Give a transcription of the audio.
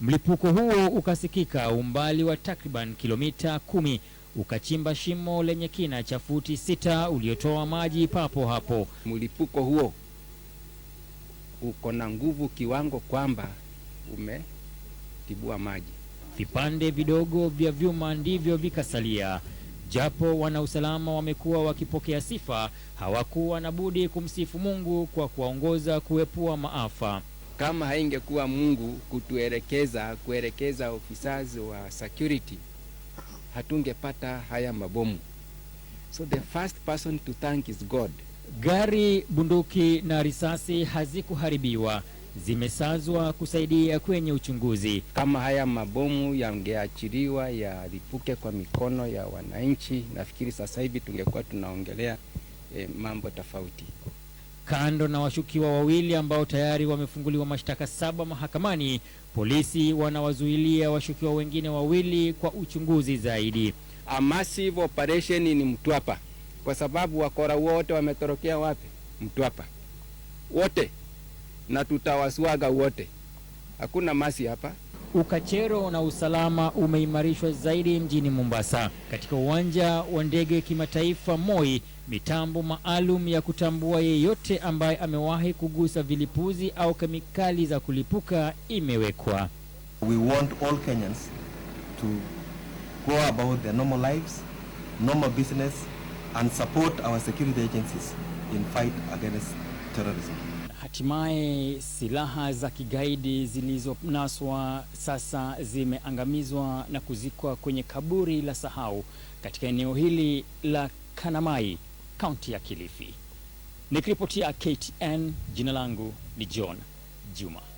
Mlipuko huo ukasikika umbali wa takriban kilomita kumi ukachimba shimo lenye kina cha futi sita uliotoa maji papo hapo. Mlipuko huo uko na nguvu kiwango kwamba umetibua maji. Vipande vidogo vya vyuma ndivyo vikasalia. Japo wanausalama wamekuwa wakipokea sifa, hawakuwa na budi kumsifu Mungu kwa kuwaongoza kuepua maafa kama haingekuwa Mungu kutuelekeza kuelekeza ofisazi wa security, hatungepata haya mabomu. So the first person to thank is God. Gari, bunduki na risasi hazikuharibiwa, zimesazwa kusaidia kwenye uchunguzi. Kama haya mabomu yangeachiliwa yalipuke kwa mikono ya wananchi, nafikiri sasa hivi tungekuwa tunaongelea eh, mambo tofauti. Kando na washukiwa wawili ambao tayari wamefunguliwa mashtaka saba mahakamani, polisi wanawazuilia washukiwa wengine wawili kwa uchunguzi zaidi. A massive operation ni Mtwapa kwa sababu wakora wote wametorokea wapi? Mtwapa wote, na tutawaswaga wote, hakuna masi hapa. Ukachero na usalama umeimarishwa zaidi mjini Mombasa. Katika uwanja wa ndege kimataifa Moi, mitambo maalum ya kutambua yeyote ambaye amewahi kugusa vilipuzi au kemikali za kulipuka imewekwa. We want all Kenyans to go about their normal lives, normal business and support our security agencies in fight against terrorism. Hatimaye silaha za kigaidi zilizonaswa sasa zimeangamizwa na kuzikwa kwenye kaburi la sahau katika eneo hili la Kanamai, kaunti ya Kilifi. Nikiripotia KTN, jina langu ni John Juma.